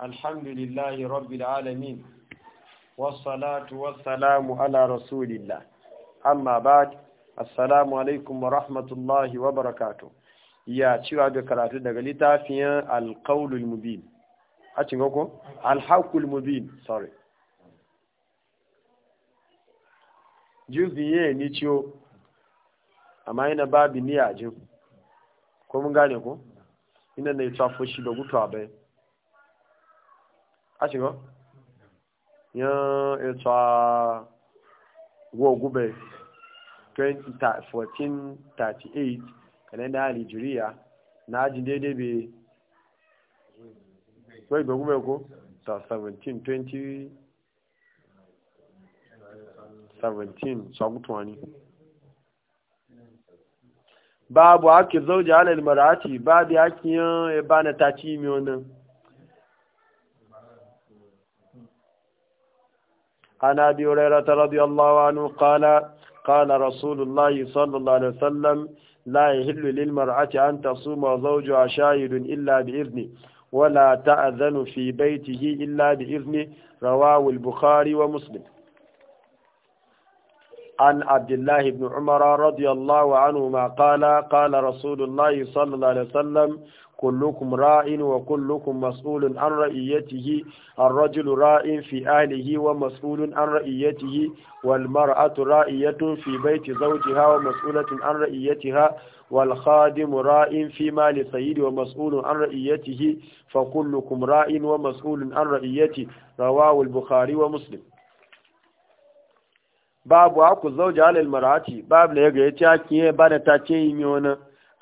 Alhamdulilahi rabbil alamin wassalatu wassalamu ala rasulillah amma ba'd assalamu alaikum wa rahmatullahi wa barakatuh ya cewa ga karatu daga litafin alqaulul mubin a cikin ko alhaqul mubin sorry juziye ni amma ina babu niyya jin ko mun gane ko ina ne tsafo shi da gutuwa bai a shiga yan ita gwogube 1438 kalenda alijiriya na ajin daidai bai wai gwogube ko ta 17 sagutuwani babu ake zauji halar babu ake yin ba na taci miyonin عن أبي هريرة رضي الله عنه قال قال رسول الله صلى الله عليه وسلم لا يهل للمرأة أن تصوم وزوجها شاهد إلا بإذنه ولا تأذن في بيته إلا بإذنه رواه البخاري ومسلم عن عبد الله بن عمر رضي الله عنهما قال قال رسول الله صلى الله عليه وسلم كلكم راع وكلكم مسؤول عن رئيته الرجل راع في أهله ومسؤول عن رئيته والمرأة رائية في بيت زوجها ومسؤولة عن رئيتها والخادم راع في مال سيد ومسؤول عن رئيته فكلكم راع ومسؤول عن رئيته رواه البخاري ومسلم باب عقد الزوج على المرأة باب لا يجري تاكيه بان تاكيه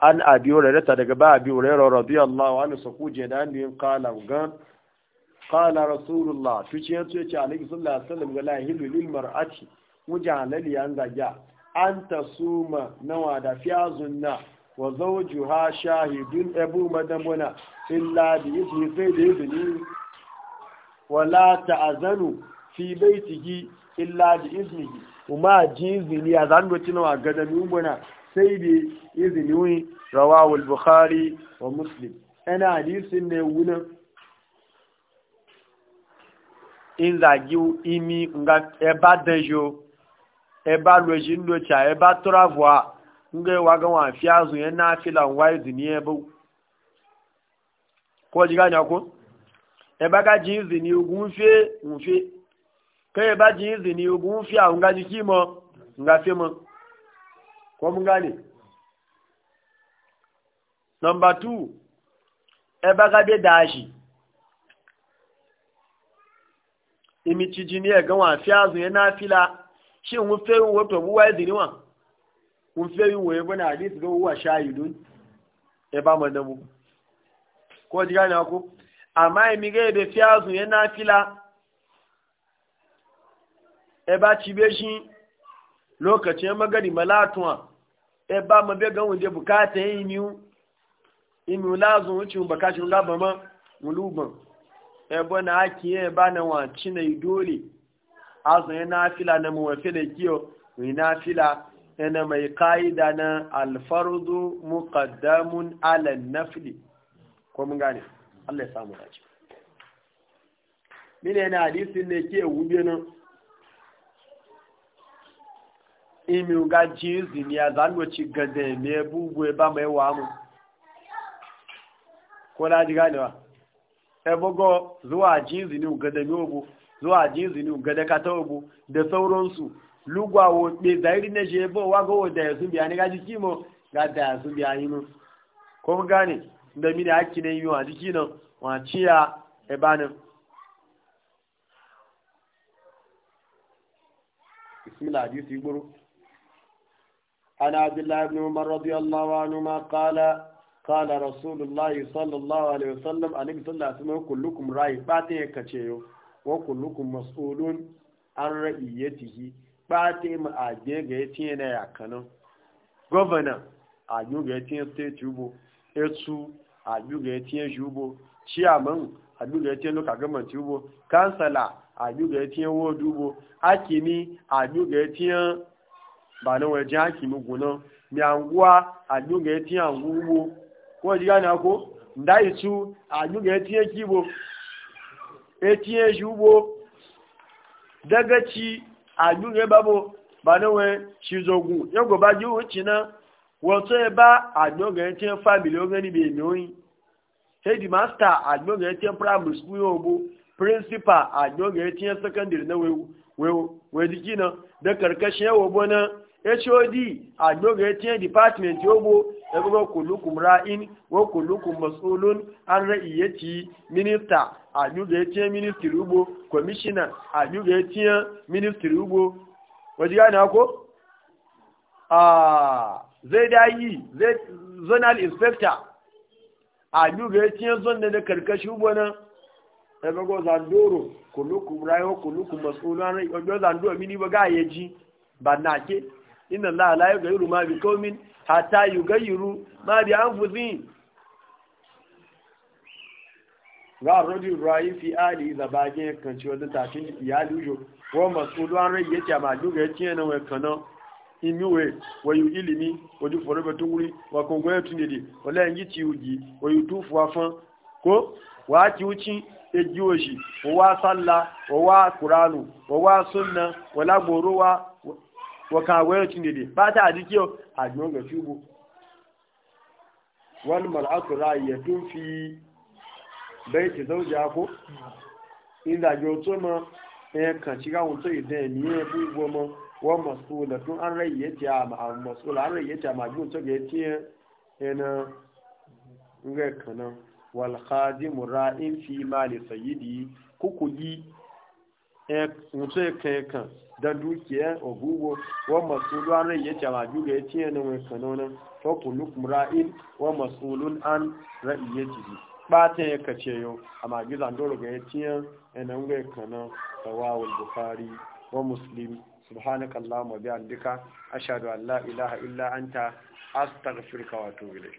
an abi hurairata daga ba abi hurairata radiyallahu anhu sakuje da an yin kala gan kala rasulullah ce yace yace alayhi sallallahu alaihi wasallam ga lahilu lil mar'ati mujahalali an zaja an tasuma nawa da fiazunna wa zawjuha shahidun abu madamuna illa bi ismi sai da izini wala ta'zanu fi baitihi illa bi iznihi kuma jizini azan gotina wa gadanu umbona sai bi izini rawawul bukhari wa muslim ana hadisin ne wuna in zagi imi nga eba dejo eba loji ndocha eba travwa nga waga wa fi azu ya na fila wa izini eba ko jiga ko eba ga ji izini ugun fe unfe ka eba ji izini ugun fe a nga jikimo nga fe mo ko mun gane number 2 ebe ga de dashi imi gan wa fi azu yana fila shin mun fe yin wato buwa izini wa mun fe yin waye bana hadis ga wa shahidun e ba mun dabu ko ji ko amma imi ga be fi azu yana fila e ba cibe shi lokacin magari malatuwa e ba ma bi ga wuje bukata yin yu inu lazun wucin bakashin laba ma muluba e bo na akiye ba na wa cina dole azu ya nafila na mu da kiyo wi nafila ina e mai kaida na alfardu muqaddamun ala nafli ko mun gane Allah ya samu dace mine na hadisin ne ke wube imi uga jizi ni azanwaci gade ne bugwe ba mai wamu ko na ji ganewa ebogo zuwa jizi ni ugade mi obu zuwa jizi ni ugade kata obu de da sauransu lugwawo ɗe zairi na je bo wa gowo da yasu biya ni gaji kimo ga da yasu biya yi mu ko mu gane da mini haki ne yi wa jiki nan wa ciya ebanin bismillah hadisi gburu عن عبد الله بن عمر رضي الله عنهما قال قال رسول الله صلى الله عليه وسلم أن صلى كلكم راي باتي كتشيو وكلكم مسؤول عن رئيته باتي ما أجي غيتين يا governor ga غيتين state يبو etsu أجي غيتين يبو chairman أجي غيتين local government يبو councillor أجي غيتين ward يبو akimi ga غيتين ba na wajen hakimi gunan mai anguwa a duga anguwo ko ji da isu a duga ya tiya kibo daga a babo ba na wajen shizogun ya gaba ji wuce na wato ya ba a duga ya noyi headmaster a duga primary school principal ya secondary na wewu wewu hod anyoga etinye dipatmenti ogbo ebe kulukum ra'in wa kulukum mas'ulun an ra'iyati minista anyoga etinye ministiri ugbo commissioner anyoga etinye ministiri ugbo waje gane ako a ah, zai dayi zonal inspector anyoga etinye zon na karkashin ugbo nan ebe zandoro kulukum ra'in wa kulukum mas'ulun an ra'iyati zandoro mini ba ga ba na ke inna allaha la yughayyiru ma bi qaumin hatta yughayyiru ma bi anfusihim ga rodi ibrahim fi ali zabage kan ci wadda ta cin iyali ujo ko masulu an rage yace ma duga yace yana wai kana imiwe wayu ilimi wadu forobe tunguri wa kongoya tunidi wala yangi ci uji wayu tufu afan ko wa ci uci eji oji wa salla wa qur'anu wa sunna wala gorowa wọ́n kàwé ọ̀tún ba pátá àdíkí ọ àgbọ̀n gẹ̀ túbú wọ́n mọ̀lá àkùrá ìyẹ̀ tó ń fi bẹ́ẹ̀ tẹ̀sán òjò akó ìdàjọ tó mọ ẹ̀yẹ kàn sí káwọn tó ìdẹ́ ẹ̀mí ẹ̀ fún ìgbọ́ mọ wọ́n ya sóòlà tó ń ya ìyẹ́ a mọ̀ sóòlà ń rẹ̀ ìyẹ́ a màgbọ́n fi mutum ya kai da dukiya ogugo wa masulun rai ya cewa juga ya ciye na mai kanonin fakuluk mura'in wa masulun an ra'i ya jiri ɓata ya kace yau a magizan doro ga ya ciye na mai kanon rawawul bukari wa muslim سبحانك اللهم وبحمدك أشهد أن ilaha illa anta أنت wa وأتوب